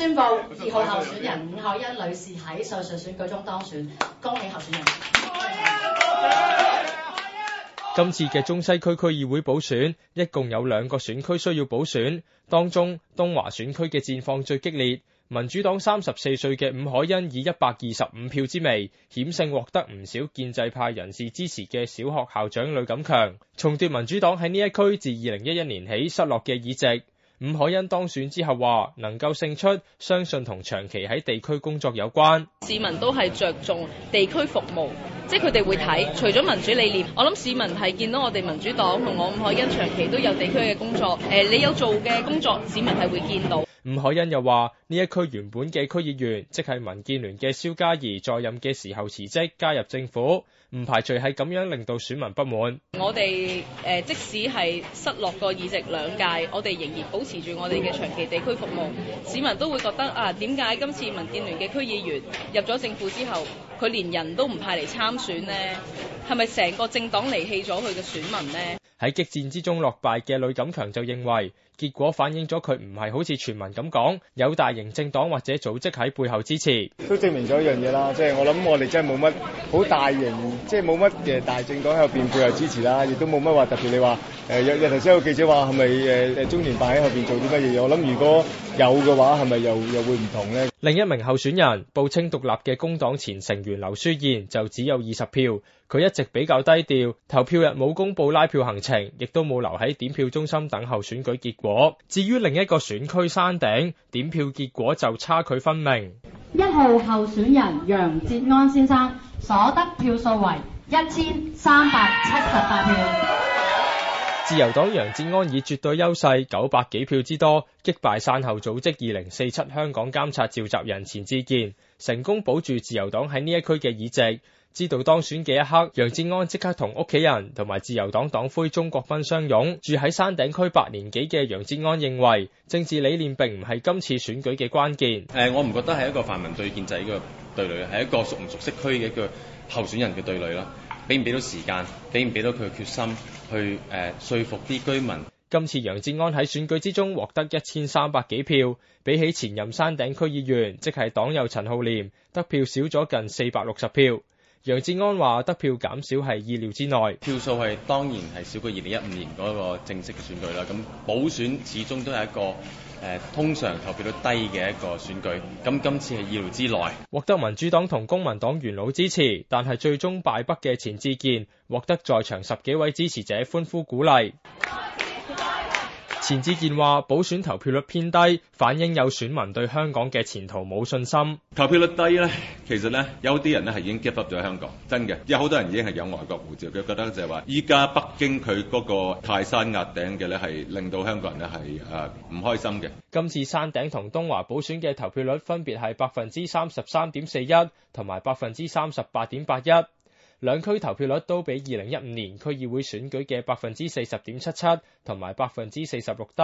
宣布二號候選人伍、嗯嗯、凱欣女士喺上述選舉中當選，恭喜候選人。今次嘅中西區區議會補選一共有兩個選區需要補選，當中東華選區嘅戰況最激烈。民主黨三十四歲嘅伍凱欣以一百二十五票之微險勝獲得唔少建制派人士支持嘅小學校長呂錦強，重奪民主黨喺呢一區自二零一一年起失落嘅議席。伍凱欣當選之後話，能夠勝出，相信同長期喺地區工作有關。市民都係着重地區服務，即係佢哋會睇。除咗民主理念，我諗市民係見到我哋民主黨同我伍凱欣長期都有地區嘅工作。誒、呃，你有做嘅工作，市民係會見到。伍凱欣又話：呢一區原本嘅區議員，即係民建聯嘅蕭嘉儀，在任嘅時候辭職加入政府，唔排除係咁樣令到選民不滿。我哋誒，即使係失落個議席兩屆，我哋仍然保持住我哋嘅長期地區服務，市民都會覺得啊，點解今次民建聯嘅區議員入咗政府之後，佢連人都唔派嚟參選呢？係咪成個政黨離棄咗佢嘅選民呢？」喺激戰之中落敗嘅呂錦強就認為，結果反映咗佢唔係好似傳聞咁講，有大型政黨或者組織喺背，背後支持，都證明咗一樣嘢啦。即係、呃、我諗我哋真係冇乜好大型，即係冇乜嘅大政黨喺後邊背後支持啦，亦都冇乜話特別你話誒，有有頭先有記者話係咪誒誒中聯辦喺後邊做啲乜嘢？我諗如果。有嘅話係咪又又會唔同呢？另一名候選人報稱獨立嘅工黨前成員劉書燕就只有二十票，佢一直比較低調，投票日冇公布拉票行程，亦都冇留喺點票中心等候選舉結果。至於另一個選區山頂點票結果就差距分明，一號候選人楊哲安先生所得票數為一千三百七十八票。自由黨楊哲安以絕對優勢九百幾票之多擊敗善後組織二零四七香港監察召集人錢志健，成功保住自由黨喺呢一區嘅議席。知道當選嘅一刻，楊哲安即刻同屋企人同埋自由黨黨魁鍾國斌相擁。住喺山頂區八年幾嘅楊哲安認為，政治理念並唔係今次選舉嘅關鍵。誒，我唔覺得係一個泛民對建制嘅對壘，係一個熟唔熟悉區嘅一個候選人嘅對壘啦。俾唔俾到時間，俾唔俾到佢嘅決心去誒說服啲居民。今次楊哲安喺選舉之中獲得一千三百幾票，比起前任山頂區議員，即係黨友陳浩廉，得票少咗近四百六十票。楊哲安話得票減少係意料之內，票數係當然係少過二零一五年嗰個正式嘅選舉啦。咁補選始終都係一個誒通常投票率低嘅一個選舉，咁今次係意料之內。獲得民主黨同公民黨元老支持，但係最終敗北嘅錢志健，獲得在場十幾位支持者歡呼鼓勵。錢志健話，補選投票率偏低，反映有選民對香港嘅前途冇信心。投票率低呢，其實呢，有啲人咧係已經 give up 咗香港，真嘅有好多人已經係有外國護照，佢覺得就係話依家北京佢嗰個泰山壓頂嘅咧，係令到香港人呢係誒唔開心嘅。今次山頂同東華補選嘅投票率分別係百分之三十三點四一同埋百分之三十八點八一。兩區投票率都比二零一五年區議會選舉嘅百分之四十點七七同埋百分之四十六低。